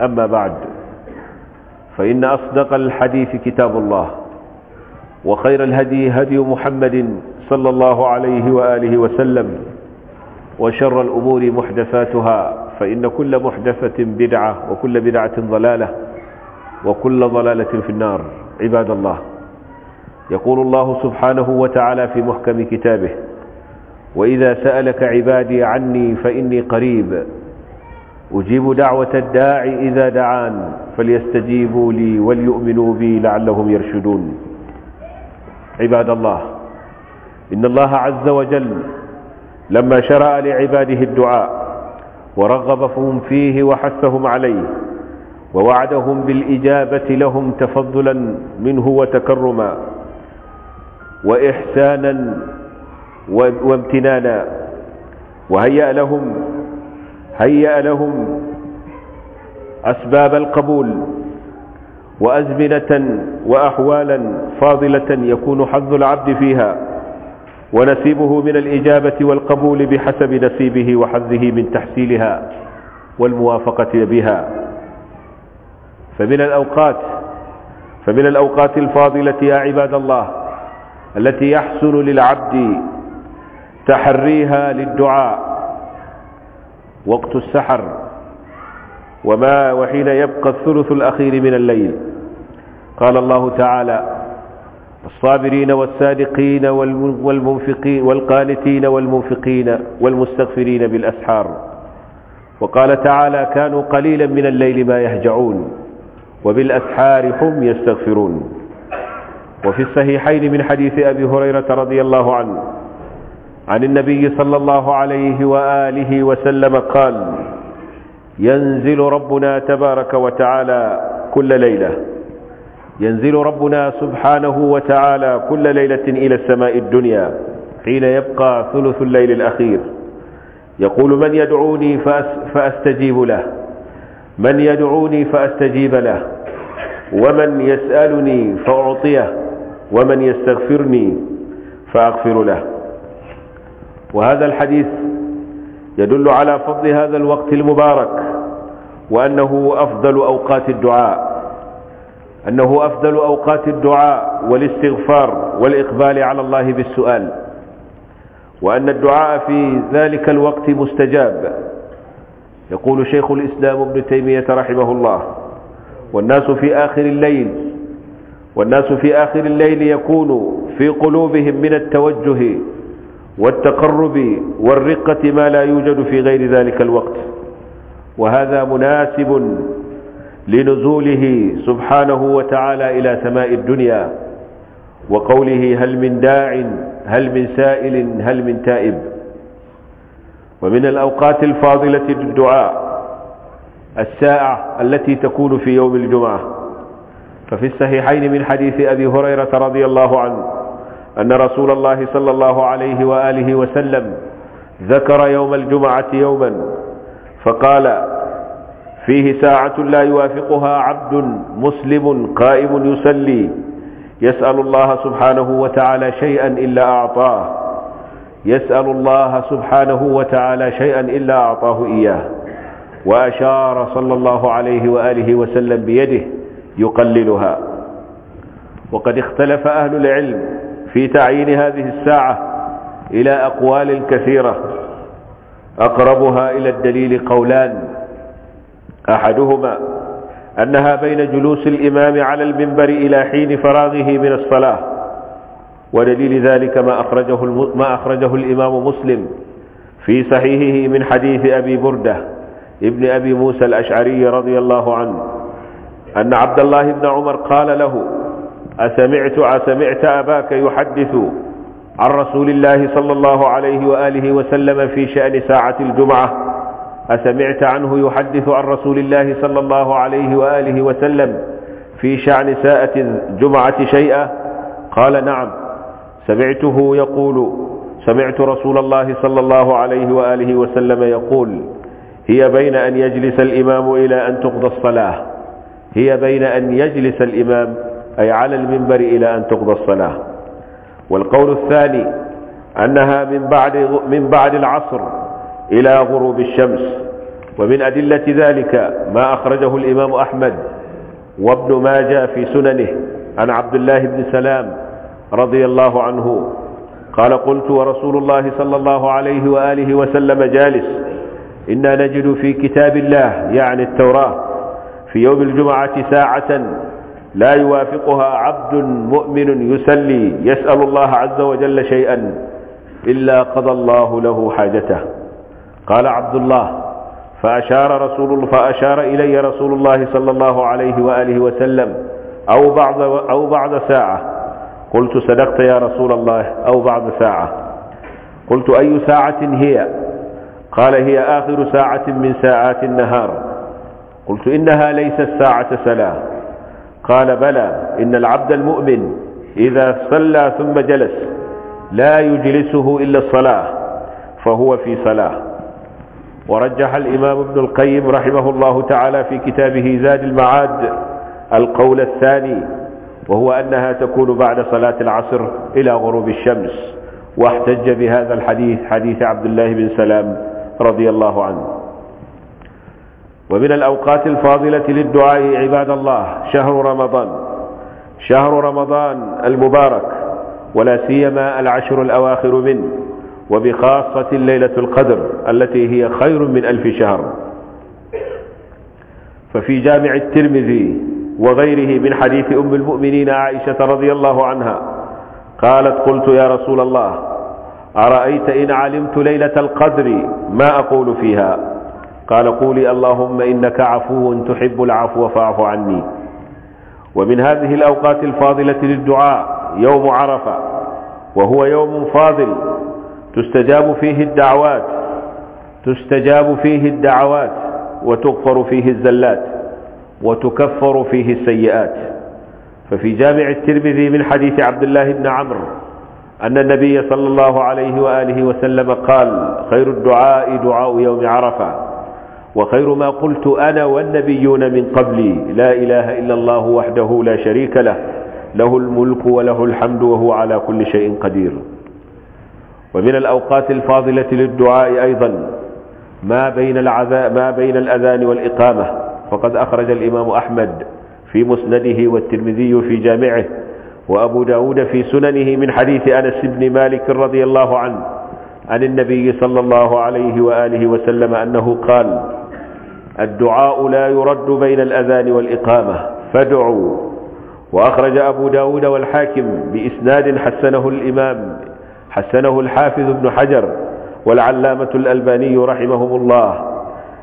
أما بعد فإن أصدق الحديث كتاب الله وخير الهدي هدي محمد صلى الله عليه وآله وسلم وشر الأمور محدثاتها فإن كل محدثة بدعة وكل بدعة ضلالة وكل ضلالة في النار عباد الله يقول الله سبحانه وتعالى في محكم كتابه وإذا سألك عبادي عني فإني قريب أجيب دعوة الداعي إذا دعان فليستجيبوا لي وليؤمنوا بي لعلهم يرشدون عباد الله إن الله عز وجل لما شرع لعباده الدعاء ورغبهم فيه وحثهم عليه ووعدهم بالإجابة لهم تفضلا منه وتكرما وإحسانا وامتنانا وهيأ لهم هيأ لهم أسباب القبول وأزمنة وأحوالا فاضلة يكون حظ العبد فيها ونسيبه من الإجابة والقبول بحسب نسيبه وحظه من تحصيلها والموافقة بها فمن الأوقات فمن الأوقات الفاضلة يا عباد الله التي يحسن للعبد تحريها للدعاء وقت السحر وما وحين يبقى الثلث الأخير من الليل قال الله تعالى الصابرين والصادقين والمنفقين والقانتين والمنفقين والمستغفرين بالأسحار وقال تعالى كانوا قليلا من الليل ما يهجعون وبالأسحار هم يستغفرون وفي الصحيحين من حديث أبي هريرة رضي الله عنه عن النبي صلى الله عليه وآله وسلم قال ينزل ربنا تبارك وتعالى كل ليلة ينزل ربنا سبحانه وتعالى كل ليلة إلى السماء الدنيا حين يبقى ثلث الليل الأخير يقول من يدعوني فأستجيب له من يدعوني فأستجيب له ومن يسألني فأعطيه ومن يستغفرني فأغفر له وهذا الحديث يدل على فضل هذا الوقت المبارك وأنه أفضل أوقات الدعاء أنه أفضل أوقات الدعاء والاستغفار والإقبال على الله بالسؤال وأن الدعاء في ذلك الوقت مستجاب يقول شيخ الإسلام ابن تيمية رحمه الله والناس في آخر الليل والناس في آخر الليل يكون في قلوبهم من التوجه والتقرب والرقة ما لا يوجد في غير ذلك الوقت وهذا مناسب لنزوله سبحانه وتعالى إلى سماء الدنيا وقوله هل من داع هل من سائل هل من تائب ومن الأوقات الفاضلة الدعاء الساعة التي تكون في يوم الجمعة ففي الصحيحين من حديث أبي هريرة رضي الله عنه أن رسول الله صلى الله عليه وآله وسلم ذكر يوم الجمعة يوما فقال فيه ساعة لا يوافقها عبد مسلم قائم يصلي يسأل الله سبحانه وتعالى شيئا إلا أعطاه يسأل الله سبحانه وتعالى شيئا إلا أعطاه إياه وأشار صلى الله عليه وآله وسلم بيده يقللها وقد اختلف أهل العلم في تعيين هذه الساعة إلى أقوال كثيرة أقربها إلى الدليل قولان أحدهما أنها بين جلوس الإمام على المنبر إلى حين فراغه من الصلاة ودليل ذلك ما أخرجه, ما أخرجه الإمام مسلم في صحيحه من حديث أبي بردة ابن أبي موسى الأشعري رضي الله عنه أن عبد الله بن عمر قال له أسمعت أسمعت أباك يحدث عن رسول الله صلى الله عليه وآله وسلم في شأن ساعة الجمعة أسمعت عنه يحدث عن رسول الله صلى الله عليه وآله وسلم في شأن ساعة الجمعة شيئا قال نعم سمعته يقول سمعت رسول الله صلى الله عليه وآله وسلم يقول هي بين أن يجلس الإمام إلى أن تقضى الصلاة هي بين أن يجلس الإمام أي على المنبر إلى أن تقضى الصلاة والقول الثاني أنها من بعد, من بعد العصر إلى غروب الشمس ومن أدلة ذلك ما أخرجه الإمام أحمد وابن ماجه في سننه عن عبد الله بن سلام رضي الله عنه قال قلت ورسول الله صلى الله عليه وآله وسلم جالس إنا نجد في كتاب الله يعني التوراة في يوم الجمعة ساعة لا يوافقها عبد مؤمن يسلي يسأل الله عز وجل شيئا إلا قضى الله له حاجته قال عبد الله فأشار رسول فأشار إلي رسول الله صلى الله عليه وآله وسلم أو بعد أو بعد ساعة قلت صدقت يا رسول الله أو بعد ساعة قلت أي ساعة هي قال هي آخر ساعة من ساعات النهار قلت إنها ليست ساعة سلام قال بلى إن العبد المؤمن إذا صلى ثم جلس لا يجلسه إلا الصلاة فهو في صلاة ورجح الإمام ابن القيم رحمه الله تعالى في كتابه زاد المعاد القول الثاني وهو أنها تكون بعد صلاة العصر إلى غروب الشمس واحتج بهذا الحديث حديث عبد الله بن سلام رضي الله عنه ومن الأوقات الفاضلة للدعاء عباد الله شهر رمضان شهر رمضان المبارك ولا سيما العشر الأواخر منه وبخاصة ليلة القدر التي هي خير من ألف شهر ففي جامع الترمذي وغيره من حديث أم المؤمنين عائشة رضي الله عنها قالت قلت يا رسول الله أرأيت إن علمت ليلة القدر ما أقول فيها قال قولي اللهم إنك عفو تحب العفو فاعف عني ومن هذه الأوقات الفاضلة للدعاء يوم عرفة وهو يوم فاضل تستجاب فيه الدعوات تستجاب فيه الدعوات وتغفر فيه الزلات وتكفر فيه السيئات ففي جامع الترمذي من حديث عبد الله بن عمرو أن النبي صلى الله عليه وآله وسلم قال خير الدعاء دعاء يوم عرفة وخير ما قلت أنا والنبيون من قبلي لا إله إلا الله وحده لا شريك له له الملك وله الحمد وهو على كل شيء قدير ومن الأوقات الفاضلة للدعاء أيضا ما بين, العذا ما بين الأذان والإقامة فقد أخرج الإمام أحمد في مسنده والترمذي في جامعه وأبو داود في سننه من حديث أنس بن مالك رضي الله عنه عن النبي صلى الله عليه وآله وسلم أنه قال الدعاء لا يرد بين الأذان والإقامة فادعوا وأخرج أبو داود والحاكم بإسناد حسنه الإمام حسنه الحافظ بن حجر والعلامة الألباني رحمهم الله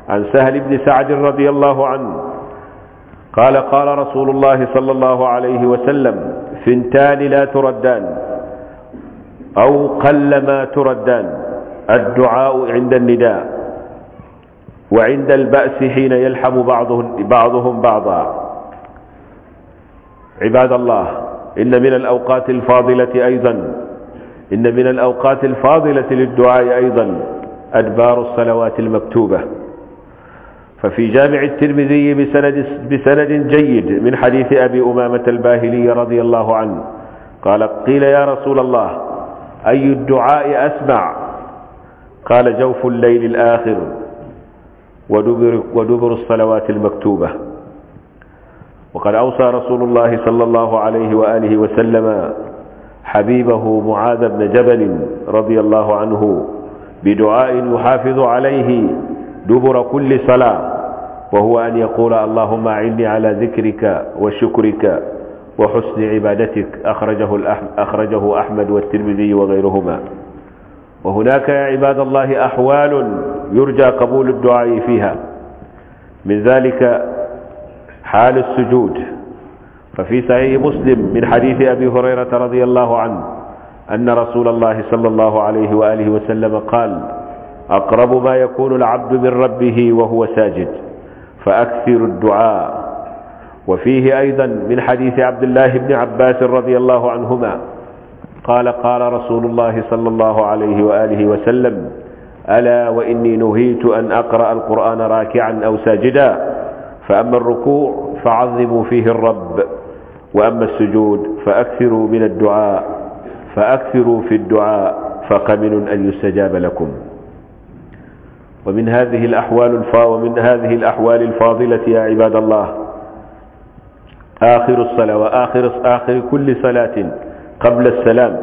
عن سهل بن سعد رضي الله عنه قال قال رسول الله صلى الله عليه وسلم فنتان لا تردان أو قل ما تردان الدعاء عند النداء وعند البأس حين يلحم بعضهم, بعضهم بعضا عباد الله إن من الأوقات الفاضلة أيضا إن من الأوقات الفاضلة للدعاء أيضا أدبار الصلوات المكتوبة ففي جامع الترمذي بسند, بسند جيد من حديث أبي أمامة الباهلي رضي الله عنه قال قيل يا رسول الله أي الدعاء أسمع قال جوف الليل الآخر ودبر, ودبر الصلوات المكتوبة وقد أوصى رسول الله صلى الله عليه وآله وسلم حبيبه معاذ بن جبل رضي الله عنه بدعاء يحافظ عليه دبر كل صلاة وهو أن يقول اللهم أعني على ذكرك وشكرك وحسن عبادتك أخرجه, أخرجه أحمد والترمذي وغيرهما وهناك يا عباد الله أحوال يرجى قبول الدعاء فيها من ذلك حال السجود ففي صحيح مسلم من حديث أبي هريرة رضي الله عنه أن رسول الله صلى الله عليه وآله وسلم قال أقرب ما يكون العبد من ربه وهو ساجد فأكثر الدعاء وفيه أيضا من حديث عبد الله بن عباس رضي الله عنهما قال قال رسول الله صلى الله عليه وآله وسلم ألا وإني نهيت أن أقرأ القرآن راكعا أو ساجدا فأما الركوع فعظموا فيه الرب وأما السجود فأكثروا من الدعاء فأكثروا في الدعاء فقمن أن يستجاب لكم ومن هذه الأحوال الفا ومن هذه الأحوال الفاضلة يا عباد الله آخر الصلاة وآخر آخر كل صلاة قبل السلام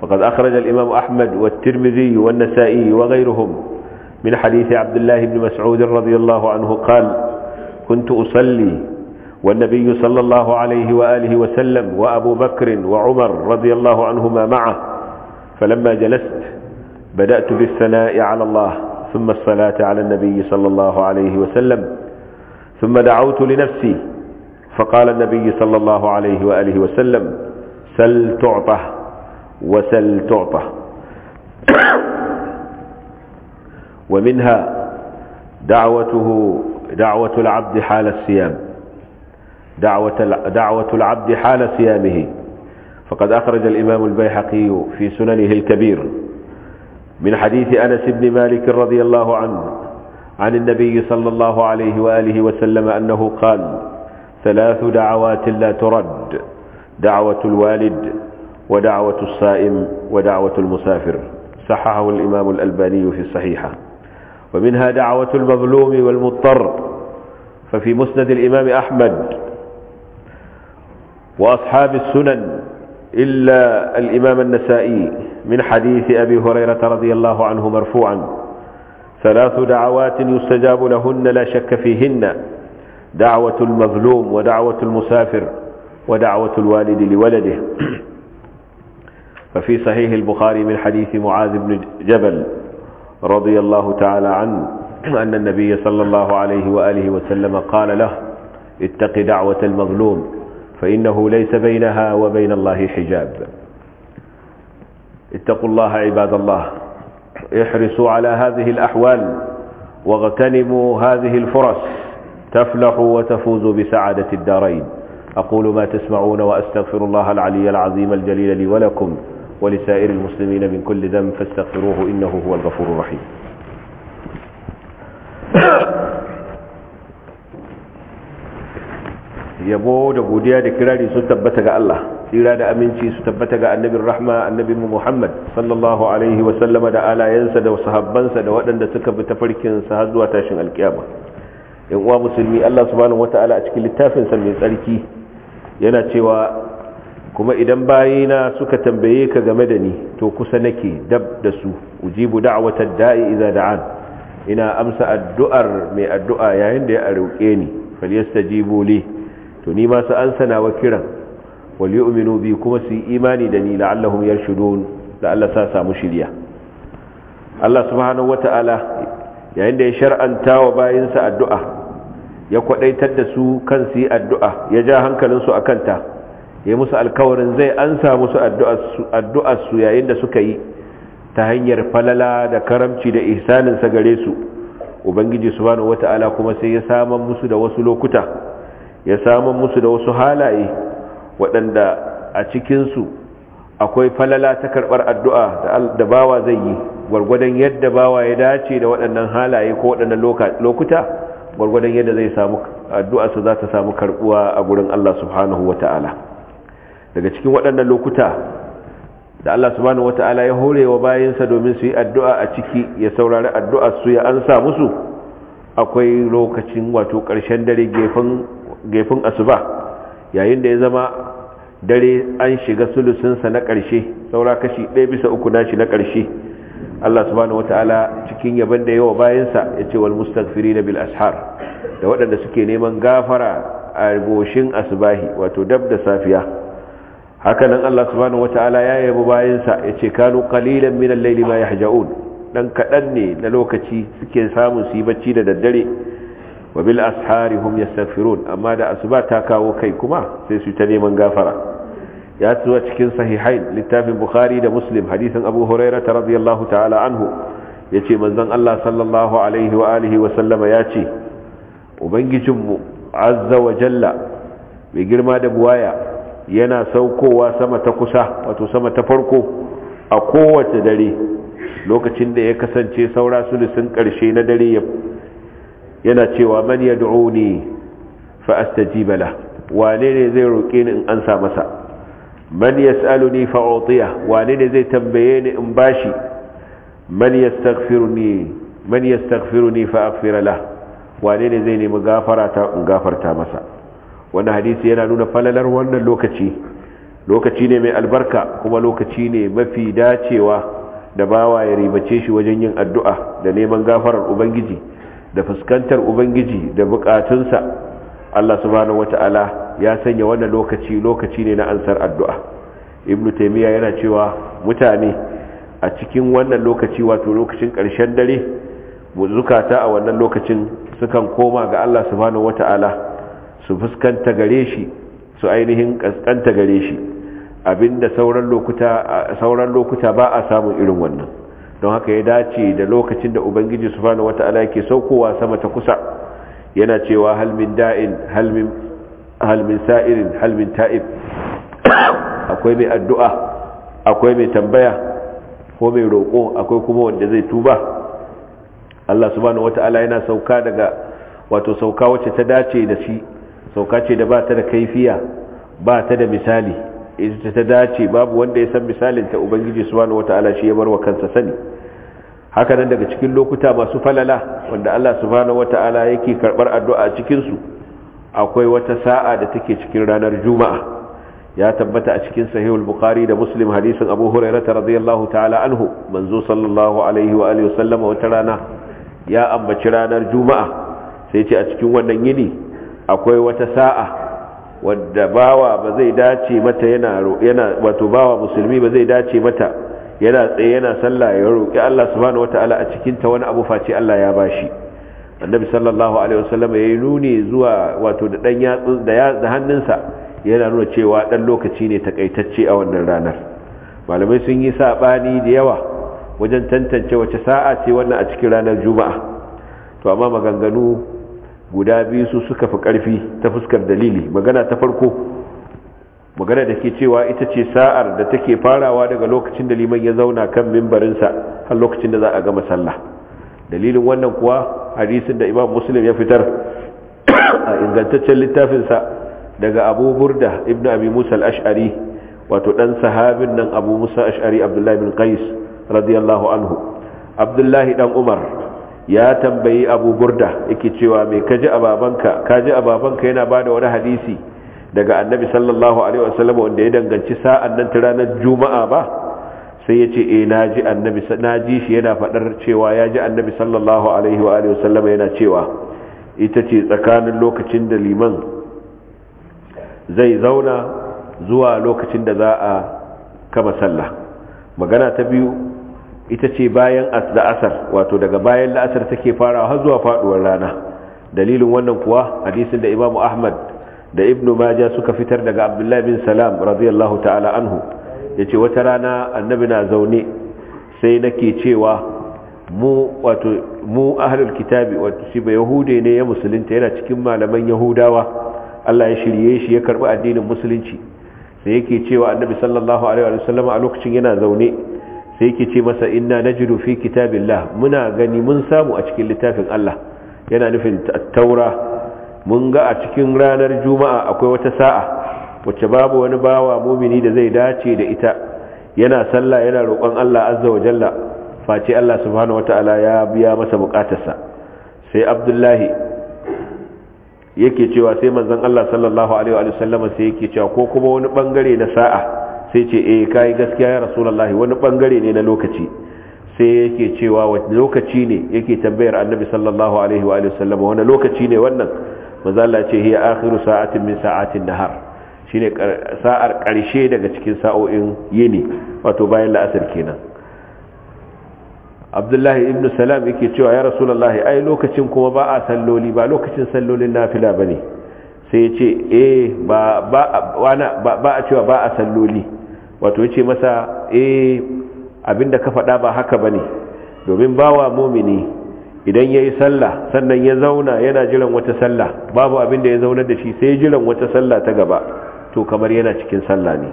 فقد أخرج الإمام أحمد والترمذي والنسائي وغيرهم من حديث عبد الله بن مسعود رضي الله عنه قال كنت أصلي والنبي صلى الله عليه وآله وسلم وأبو بكر وعمر رضي الله عنهما معه فلما جلست بدأت بالثناء على الله ثم الصلاة على النبي صلى الله عليه وسلم ثم دعوت لنفسي فقال النبي صلى الله عليه وآله وسلم سل تعطى وسل تعطى ومنها دعوته دعوة العبد حال الصيام دعوة دعوة العبد حال صيامه فقد أخرج الإمام البيحقي في سننه الكبير من حديث أنس بن مالك رضي الله عنه عن النبي صلى الله عليه وآله وسلم أنه قال ثلاث دعوات لا ترد دعوة الوالد ودعوة الصائم ودعوة المسافر صححه الإمام الألباني في الصحيحة ومنها دعوة المظلوم والمضطر ففي مسند الإمام أحمد وأصحاب السنن إلا الإمام النسائي من حديث أبي هريرة رضي الله عنه مرفوعا ثلاث دعوات يستجاب لهن لا شك فيهن دعوة المظلوم ودعوة المسافر ودعوة الوالد لولده ففي صحيح البخاري من حديث معاذ بن جبل رضي الله تعالى عنه أن النبي صلى الله عليه وآله وسلم قال له اتق دعوة المظلوم فإنه ليس بينها وبين الله حجاب اتقوا الله عباد الله احرصوا على هذه الأحوال واغتنموا هذه الفرص تفلحوا وتفوزوا بسعادة الدارين أقول ما تسمعون وأستغفر الله العلي العظيم الجليل لي ولكم ولسائر المسلمين من كل ذنب فاستغفروه إنه هو الغفور الرحيم يبود بوديا دكرادي ستبتك الله إرادة أمنشي ستبتك النبي الرحمة النبي محمد صلى الله عليه وسلم دعا لا ينسى دو صحب بنسى دو أدن دسك سهد واتاشن القيامة يقوى مسلمي الله سبحانه وتعالى أشكل التافن سمي سألكيه yana cewa kuma idan bayina suka tambaye ka game da ni to kusa nake dab da su ujibu da'watad da'i idza da'an ina amsa addu'ar mai addu'a yayin da ya roke ni falyastajibu li to ni ma su ansa nawa kiran wal yu'minu bi kuma su imani da ni la'allahum yarshudun da Allah sa samu shiriya Allah subhanahu wata'ala yayin da ya shar'anta wa bayinsa addu'a ya kwadaitar da su kan su yi addu'a ya ja hankalinsu a kanta ya musu alkawarin zai ansa musu addu'arsu yayin da suka yi ta hanyar falala da karamci da ihsaninsa gare su ubangiji su subhanahu wata'ala kuma sai ya saman musu da wasu lokuta ya saman musu da wasu halaye waɗanda a cikinsu akwai falala ta karɓar addu'a da bawa zai yi gwargwadon yadda bawa ya dace da waɗannan halaye ko waɗannan lokuta gwargwadon yadda zai samu addu'arsa za ta samu karbuwa a gurin Allah subhanahu wa ta'ala, daga cikin waɗannan lokuta da Allah subhanahu wa ta'ala ya hore wa bayansa domin su yi addu'a a ciki ya saurari addu'a su ya ansa musu akwai lokacin wato ƙarshen dare gefen asuba yayin da ya zama dare an shiga sulusunsa na ƙarshe saura kashi ɗaya bisa uku na shi na ƙarshe Allah subhanahu wataala cikin yabon da yawa bayansa ce wal mustaghfirina bil ashar da waɗanda suke neman gafara a goshin asbahi wato dab da safiya hakanan Allah subhanahu wataala ya yabi bayansa yace kanu qalilan min al-layli ma yahja'un dan kadan ne na lokaci suke samun su yi bacci da daddare wa bil ashari hum yastaghfirun amma da asuba ta kawo kai kuma sai su ta neman gafara ya tuwa cikin sahihain littafin bukhari da muslim hadisin abu huraira ta radiyallahu ta'ala anhu ya ce manzan allah sallallahu alaihi wa alihi wa sallama ya ce ubangijinmu azza wa jalla mai girma da buwaya yana saukowa sama ta kusa wato sama ta farko a kowace dare lokacin da ya kasance saura sulusun karshe na dare yana cewa man ya du'uni fa astajiba wane ne zai roƙe ni in ansa masa man yas'aluni fa utiya wani ne zai tambaye ni in bashi man yastaghfiruni man yastaghfiruni fa aghfir lah wani ne zai nemi gafara ta in gafarta masa wannan hadisi yana nuna falalar wannan lokaci lokaci ne mai albarka kuma lokaci ne mafi dacewa da bawa ya ribace shi wajen yin addu'a da neman gafarar ubangiji da fuskantar ubangiji da bukatunsa Allah subhanahu wata'ala ya sanya wannan lokaci lokaci ne na ansar addu'a Ibn Taymiyyah yana cewa mutane a cikin wannan lokaci wato lokacin ƙarshen dare zukata a wannan lokacin sukan koma ga Allah subhanahu wata'ala su fuskanta gare shi su ainihin kaskanta gare shi abinda sauran lokuta sauran lokuta ba a samun irin wannan don haka ya dace da lokacin da ubangiji subhanahu wata'ala yake saukowa sama ta kusa yana cewa halmin da'in halmin sa'irin halmin ta'ib akwai mai addu'a akwai mai tambaya ko mai roƙo akwai kuma wanda zai tuba Allah subhanahu wata'ala yana sauka daga wato sauka wacce ta dace da shi sauka ce da ba ta da kaifiya ba ta da misali ita ta dace babu wanda ya san misalin ta ubangiji subhanahu wata'ala shi ya bar wa kansa sani haka nan daga cikin lokuta masu falala wanda Allah subhanahu wata'ala yake karbar addu'a a cikin su akwai wata sa'a da take cikin ranar juma'a ya tabbata a cikin sahihul bukhari da muslim hadisin abu hurairah radiyallahu ta'ala anhu manzo sallallahu alaihi wa alihi wasallam wata rana ya ambaci ranar juma'a sai ce a cikin wannan yini akwai wata sa'a wadda bawa ba zai dace mata yana yana wato bawa musulmi ba zai dace mata yana tsaye yana sallah ya roƙi Allah subhanahu wata'ala a cikin ta wani abu face Allah ya bashi annabi sallallahu alaihi wasallam ya yi nuni zuwa wato da dan da hannunsa yana nuna cewa dan lokaci ne takaitacce a wannan ranar malamai sun yi sabani da yawa wajen tantance wace sa'a ce wannan a cikin ranar juma'a to amma maganganu guda biyu su suka fi karfi ta fuskar dalili magana ta farko magana da ke cewa ita ce sa'ar da take farawa daga lokacin da liman ya zauna kan mimbarinsa har lokacin da za a gama sallah dalilin wannan kuwa hadisin da imam muslim ya fitar a ingantaccen littafinsa daga abu burda ibn abi musa al-ash'ari wato dan sahabin nan abu musa ash'ari abdullahi bin qais radiyallahu anhu abdullahi dan umar ya tambayi abu burda yake cewa me kaji a babanka kaji a yana bada wani hadisi daga annabi sallallahu alaihi wasallam wanda ya danganci sa'an nan ta ranar juma'a ba sai ya ce eh naji annabi naji shi yana fadar cewa ya ji annabi sallallahu alaihi wa alihi wasallam yana cewa ita ce tsakanin lokacin da liman zai zauna zuwa lokacin da za a kama sallah magana ta biyu ita ce bayan la'asar wato daga bayan la'asar take farawa har zuwa faduwar rana dalilin wannan kuwa hadisin da imamu ahmad da ibnu maja suka fitar daga abdullahi bin salam radiyallahu ta'ala anhu yace wata rana annabi na zaune sai nake cewa mu wato kitabi wato shi ba yahude ne ya musulunta yana cikin malaman yahudawa Allah ya shirye shi ya karbi addinin musulunci sai yake cewa annabi sallallahu alaihi wa a lokacin yana zaune sai yake ce masa inna najidu fi kitabillah muna gani mun samu a cikin littafin Allah yana nufin taura mun ga a cikin ranar juma'a akwai wata sa'a wacce babu wani bawa mumini da zai dace da ita yana sallah yana roƙon Allah azza wa jalla face Allah subhanahu wata'ala ya biya masa bukatarsa sai Abdullahi yake cewa sai manzon Allah sallallahu alaihi wa sallama sai yake cewa ko kuma wani bangare na sa'a sai ce eh kai gaskiya ya rasulullahi wani bangare ne na lokaci sai yake cewa wani lokaci ne yake tambayar annabi sallallahu alaihi wa sallama wani lokaci ne wannan manzo Allah ce hiya akhiru sa'atin min sa'atin nahar shine sa'ar karshe daga cikin sa'o'in yini wato bayan la'asar kenan Abdullahi ibn Salam yake cewa ya Rasulullahi ai lokacin kuma ba a salloli ba lokacin sallolin nafila bane sai ya ce eh ba ba a cewa ba a salloli wato yace masa eh abinda ka faɗa ba haka bane domin bawa mumini idan ya yi sallah sannan ya zauna yana jiran wata sallah babu abin da ya zaunar da shi sai jiran wata sallah ta gaba to kamar yana cikin sallah ne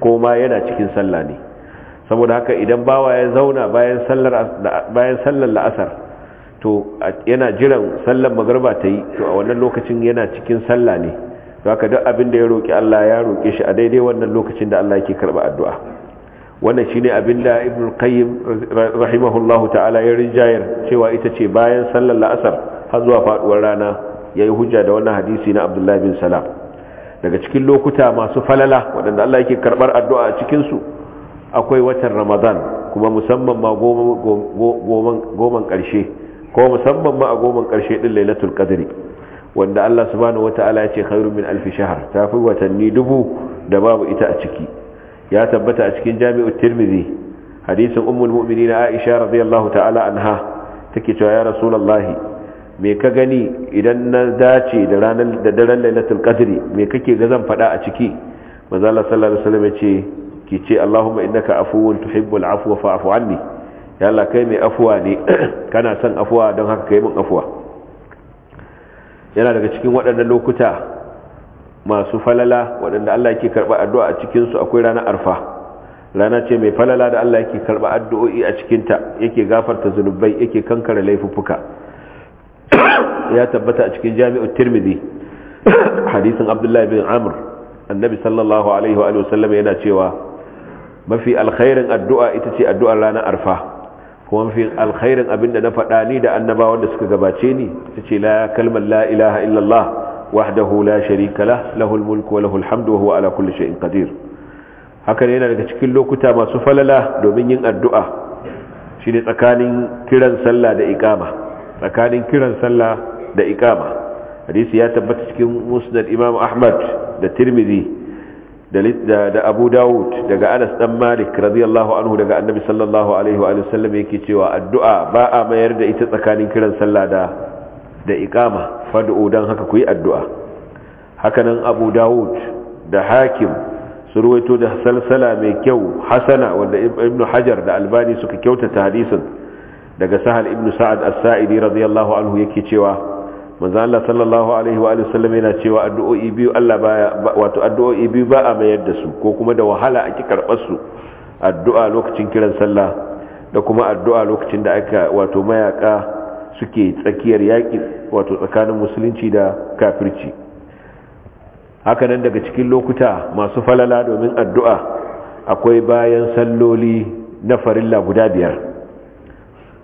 ko ma yana cikin sallah ne saboda haka idan bawa ya zauna bayan sallar la'asar to yana jiran sallar magarba ta yi to a wannan lokacin yana cikin sallah ne to haka duk abin da ya roƙi Allah ya roƙe shi a daidai wannan lokacin da Allah yake karɓa addu'a wannan shine abin da ibn qayyim rahimahullahu ta'ala ya rinjayar cewa ita ce bayan sallar la'asar har zuwa faduwar rana yayi hujja da wannan hadisi na abdullahi bin salam daga cikin lokuta masu falala waɗanda Allah yake karɓar addu'a a cikin su akwai watan ramadan kuma musamman ma goman karshe kuma musamman ma a goman karshe ɗin lailatul qadri wanda Allah subhanahu wata'ala ya ce khairun min alfi shahr tafi watanni dubu da babu ita a ciki ya tabbata a cikin jami'u tirmidhi hadisin ummul mu'minin aisha radiyallahu ta'ala anha take cewa ya rasulullahi me ka gani idan na dace da ranar da daren lailatul qadri me kake ga zan fada a ciki manzo Allah sallallahu alaihi wasallam yace ki ce Allahumma innaka afuwun tuhibbul afwa fa'fu anni ya Allah kai mai afuwa ne kana son afuwa don haka kai min afuwa yana daga cikin waɗannan lokuta masu falala waɗanda Allah ke karɓa addu'a a cikinsu akwai ranar arfa rana ce mai falala da Allah yake karɓa addu'o'i a cikinta yake gafarta zunubai yake kankara laifuffuka ya tabbata a cikin jami'ar tirmidhi hadisin abdullahi bin amr annabi sallallahu alaihi wa sallam yana cewa mafi alkhairin addu'a ita ce addu'ar ranar arfa kuma mafi alkhairin abinda na faɗa ni da annabawan da suka gabace ni ita ce la kalmar la ilaha illallah wahdahu la sharika lah lahul mulku wa lahul hamdu wa huwa ala kulli haka ne yana daga cikin lokuta masu falala domin yin addu'a shine tsakanin kiran sallah da tsakanin kiran sallah da ikama hadisi ya tabbata cikin musnad imam ahmad da tirmidhi da abu dawud daga anas dan malik radiyallahu anhu daga annabi sallallahu alaihi wa sallam yake cewa addu'a ba a mayar da ita tsakanin kiran sallah da da iqama fad'u dan haka kuyi yi addu'a hakanan abu dawud da hakim su ruwaito da salsala mai kyau hasana wanda ibn hajar da albani suka kyautata hadisin daga sahal ibn sa'ad as-sa'idi radiyallahu anhu yake cewa manzo Allah sallallahu alaihi wa alihi sallam yana cewa addu'o'i biyu Allah wato addu'o'i biyu ba a mayar da su ko kuma da wahala a ki su addu'a lokacin kiran sallah da kuma addu'a lokacin da aka wato mayaka suke tsakiyar yaƙi wato tsakanin musulunci da kafirci hakanan daga cikin lokuta masu falala domin addu'a akwai bayan salloli na farilla guda biyar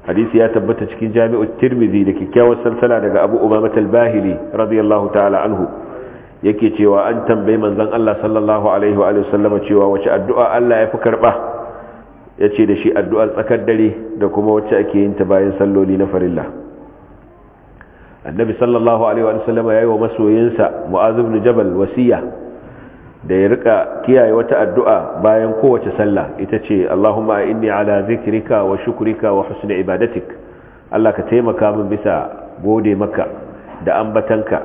hadisi ya tabbata cikin jami'u tirmidhi da kyakkyawar salsala daga abu umamat al-bahili radiyallahu ta'ala anhu yake cewa an tambayi manzon Allah sallallahu alaihi wa sallama cewa wace addu'a Allah ya fi karɓa ya ce da shi addu'ar tsakar dare da kuma wacce ake yin ta bayan salloli na farilla annabi sallallahu alaihi wa sallama yayi wa masoyinsa mu'adh ibn jabal wasiya da ya rika kiyaye wata addu'a bayan kowace sallah ita ce Allahumma inni ala zikrika wa shukrika wa husni ibadatik Allah ka taimaka min bisa gode maka da ambatanka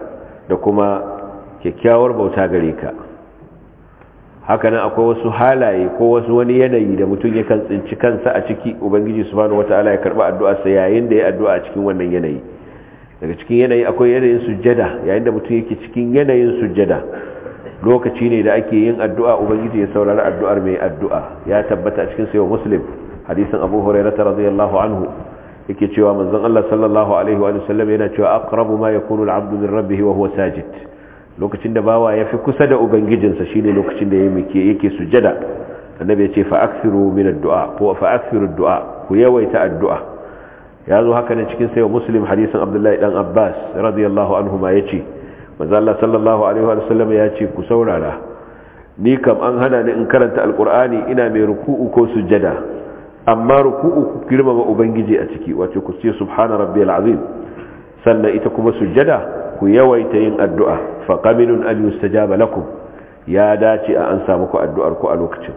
da kuma kyakkyawar bauta gare ka hakanan akwai wasu halaye ko wasu wani yanayi da mutum yakan tsinci kansa a ciki ubangiji subhanahu wataala ya karba addu'a sa yayin da ya addu'a cikin wannan yanayi daga cikin yanayi akwai yanayin sujjada yayin da mutum yake cikin yanayin sujjada lokaci ne da ake yin addu'a ubangiji ya saurari addu'ar mai addu'a ya tabbata a cikin sayo muslim hadisin abu hurairata radiyallahu anhu yake cewa manzon Allah sallallahu alaihi wa sallam yana cewa aqrabu ma yakunu al-'abdu min rabbih wa huwa sajid lokacin da bawa ya fi kusa da ubangijinsa shine lokacin da yake yake sujjada annabi ya ce fa akthiru min ad-du'a ko fa akthiru ad-du'a ku yawaita addu'a ya zo haka ne cikin sayo muslim hadisin abdullahi dan abbas radiyallahu anhu ma ya ce mazalla sallallahu alaihi wa sallam ya ce ku saurara ni kam an hana ni in karanta alkur'ani ina mai ruku'u ko sujjada amma ruku'u ku girmama ubangiji a ciki wato ku ce subhana rabbiyal azim sannan ita kuma sujjada ku yawaita yin addu'a fa qaminun an yustajaba lakum ya dace a an samu ku addu'ar ku a lokacin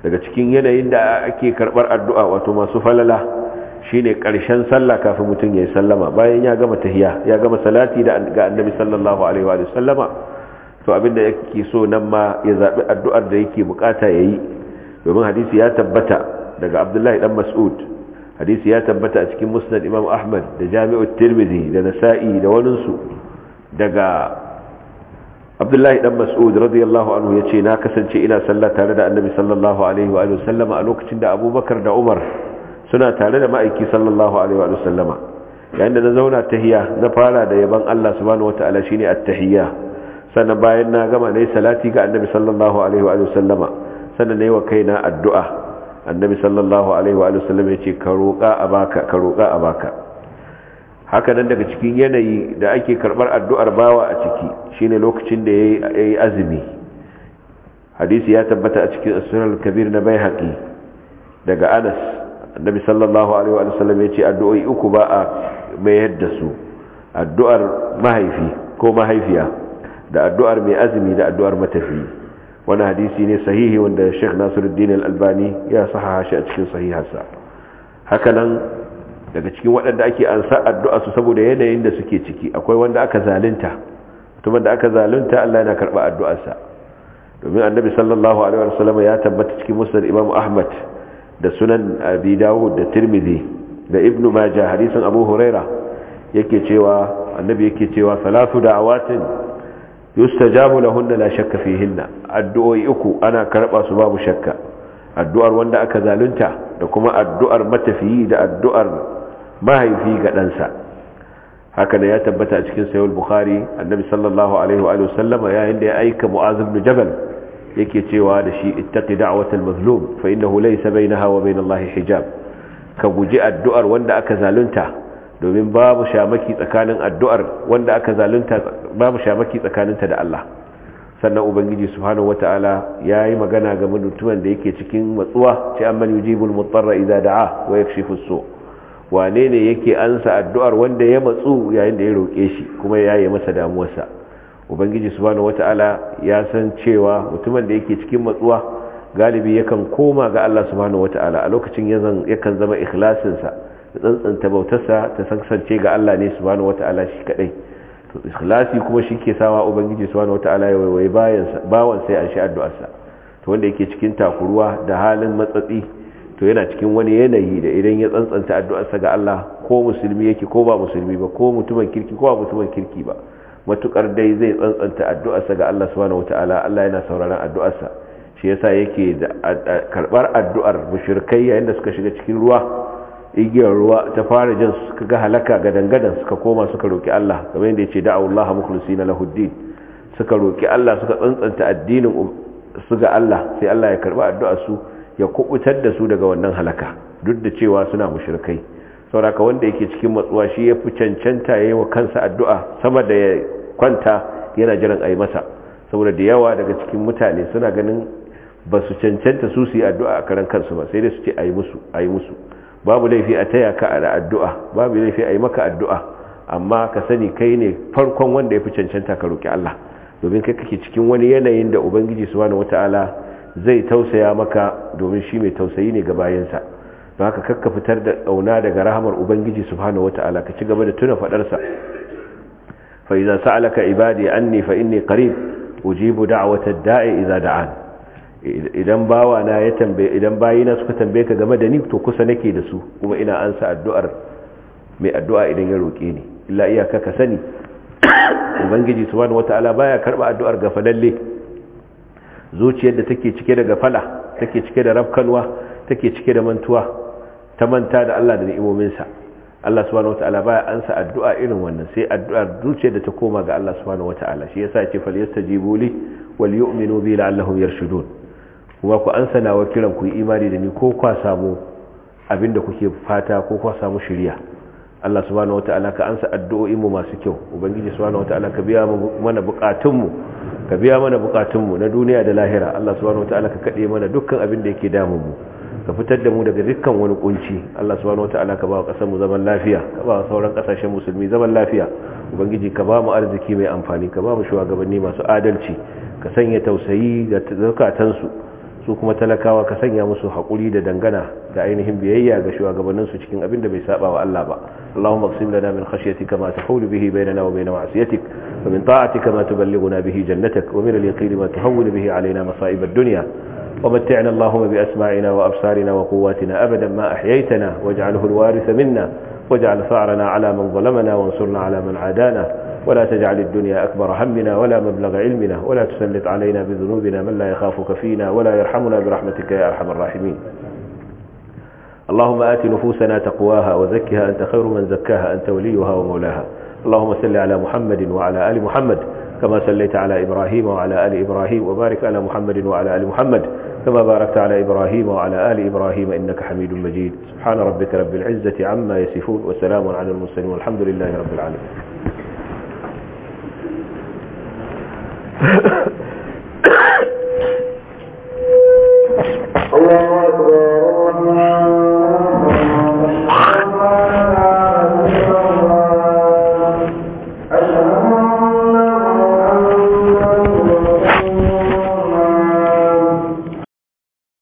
daga cikin yanayin da ake karbar addu'a wato masu falala shine karshen sallah kafin mutum ya yi sallama bayan ya gama tahiya ya gama salati da ga annabi sallallahu alaihi wa sallama to abinda yake so nan ma ya zabi addu'ar da yake bukata yayi domin hadisi ya tabbata daga Abdullahi dan Mas'ud hadisi ya tabbata a cikin Musnad Imam Ahmad da Jami'ut Tirmidhi da Nasa'i da waninsu daga abdullahi dan mas'ud radiyallahu anhu yace na kasance ina sallah tare da annabi sallallahu alaihi wa sallama a lokacin da abubakar da umar suna tare da ma'aiki sallallahu alaihi wa sallama yayin da na zauna tahiyya na fara da yaban Allah subhanahu wataala shine at-tahiyya sannan bayan na gama nayi salati ga annabi sallallahu alaihi wa sallama sannan nayi wa kaina addu'a annabi sallallahu alaihi wa sallama yace ka roƙa a baka ka roƙa a baka haka nan daga cikin yanayi da ake karbar addu'ar bawa a ciki shine lokacin da yayi azumi hadisi ya tabbata a cikin as-sunan kabir na baihaqi daga Anas annabi sallallahu alaihi wa sallam ya ce addu'o'i uku ba a mayar da su addu'ar mahaifi ko mahaifiya da addu'ar mai azumi da addu'ar matafi wani hadisi ne sahihi wanda Sheikh Nasiruddin Al-Albani ya sahaha shi a cikin sahihansa nan daga cikin waɗanda ake ansa addu'a su saboda yanayin da suke ciki akwai wanda aka zalunta mutumin da aka zalunta Allah yana karba addu'arsa domin annabi sallallahu alaihi sallam ya tabbata cikin musnad Imam Ahmad da sunan abi dawud da tirmidhi da ibnu majah hadisin abu huraira yake cewa annabi yake cewa salatu da'awatin yustajabu lahunna la shakka fihinna addu'o'i uku ana karba su babu shakka addu'ar wanda aka zalunta da kuma addu'ar matafiyi da addu'ar mahaifi ga ɗansa haka da ya tabbata a cikin sayar bukhari annabi sallallahu alaihi wa sallama yayin da ya aika mu'azim da jabal yake cewa da shi ittaqi da'watal mazlum fa innahu laysa bainaha wa bainallahi hijab ka guji addu'ar wanda aka zalunta domin babu shamaki tsakanin addu'ar wanda aka zalunta babu shamaki tsakaninta da Allah sannan ubangiji subhanahu wataala yayi magana ga mutumin da yake cikin matsuwa ce amman yujibul mutarra idza da'a wa yakshifu su wane ne yake ansa addu'ar wanda ya matsu yayin da ya roke shi kuma yayi masa damuwarsa ubangiji subhanahu wata'ala ya san cewa mutumin da yake cikin matsuwa galibi yakan koma ga Allah subhanahu wata'ala a lokacin yanzan yakan zama ikhlasin sa da tsantsanta bautarsa ta sansance ga Allah ne subhanahu wata'ala shi kadai to ikhlasi kuma shi ke sawa ubangiji subhanahu wata'ala ya waiwaye bayan bawan sai an shi addu'arsa to wanda yake cikin takuruwa da halin matsatsi to yana cikin wani yanayi da idan ya tsantsanta addu'arsa ga Allah ko musulmi yake ko ba musulmi ba ko mutumin kirki ko ba mutumin kirki ba matukar dai zai tsantsanta addu'arsa ga Allah subhanahu wataala Allah yana sauraron addu'arsa shi yasa yake da karbar addu'ar mushrikai yayin da suka shiga cikin ruwa igiyar ruwa ta fara jin suka ga halaka ga dangadan suka koma suka roki Allah kamar yadda yace da'a Allah mukhlisina lahu din suka roki Allah suka tsantsanta addinin um, su ga Allah sai Allah ya karɓi addu'ar su ya kuɓutar da su daga wannan halaka duk da cewa suna mushrikai sauraka wanda yake cikin matsuwa shi ya fi cancanta ya yi wa kansa addu'a sama da ya kwanta yana jiran a yi masa saboda da yawa daga cikin mutane suna ganin ba su cancanta su su yi addu'a a karan kansu ba sai dai su ce a yi musu a musu babu laifi a taya ka da addu'a babu laifi a yi maka addu'a amma ka sani kai ne farkon wanda ya fi cancanta ka roƙi Allah domin kai kake cikin wani yanayin da ubangiji subhanahu wata'ala zai tausaya maka domin shi mai tausayi ne ga bayansa ba ka kakka fitar da ɗauna daga rahamar ubangiji subhanahu wata'ala ka ci gaba da tuna faɗarsa fa idan sa'alaka ibadi anni fa inni qarib ujibu da'watad da'i idza da'an idan bawa na ya tambaye idan bayina suka tambaye ka game da ni to kusa nake da su kuma ina ansa addu'ar mai addu'a idan ya roke ni illa iyaka ka sani ubangiji subhanahu wataala baya karba addu'ar gafalalle zuciyar da take cike da gafala take cike da rafkanwa take cike da mantuwa ta manta da Allah da ni'imominsa Allah subhanahu wata'ala baya ansa addu'a irin wannan sai addu'ar zuciya da ta koma ga Allah subhanahu wata'ala shi yasa fal yastajibu li wal yu'minu bi la'allahum yarshudun kuma ku ansa nawa kiran ku imani da ni ko kwa samu abinda kuke fata ko kwa samu shari'a Allah subhanahu wata'ala ka ansa addu'o'in mu masu kyau ubangiji subhanahu wata'ala ka biya mana bukatun mu ka biya mana bukatun mu na duniya da lahira Allah subhanahu wata'ala ka kade mana dukkan abin da yake damun mu ka fitar da mu daga dukkan wani kunci Allah subhanahu wataala ka ba wa kasar mu zaman lafiya ka ba sauran kasashen musulmi zaman lafiya ubangiji ka ba mu arziki mai amfani ka ba mu shugabanni masu adalci ka sanya tausayi ga zakatansu su kuma talakawa ka sanya musu hakuri da dangana da ainihin biyayya ga su cikin abin da bai saba wa Allah ba Allahumma qsim lana min khashyatika ma tahawlu bihi bainana wa bain ma'siyatik wa min ta'atika ma tuballighuna bihi jannatak wa min al-yaqini ma tuhawwil bihi alaina masa'ib ad-dunya ومتعنا اللهم بأسماعنا وأبصارنا وقواتنا أبدا ما أحييتنا واجعله الوارث منا واجعل ثارنا على من ظلمنا وانصرنا على من عادانا ولا تجعل الدنيا أكبر همنا ولا مبلغ علمنا ولا تسلط علينا بذنوبنا من لا يخافك فينا ولا يرحمنا برحمتك يا أرحم الراحمين اللهم آت نفوسنا تقواها وزكها أنت خير من زكاها أنت وليها ومولاها اللهم صل على محمد وعلى آل محمد كما صليت على إبراهيم وعلى آل إبراهيم وبارك على محمد وعلى آل محمد كما باركت على إبراهيم وعلى آل إبراهيم إنك حميد مجيد سبحان ربك رب العزة عما يصفون وسلام على المسلمين والحمد لله رب العالمين الله أكبر الله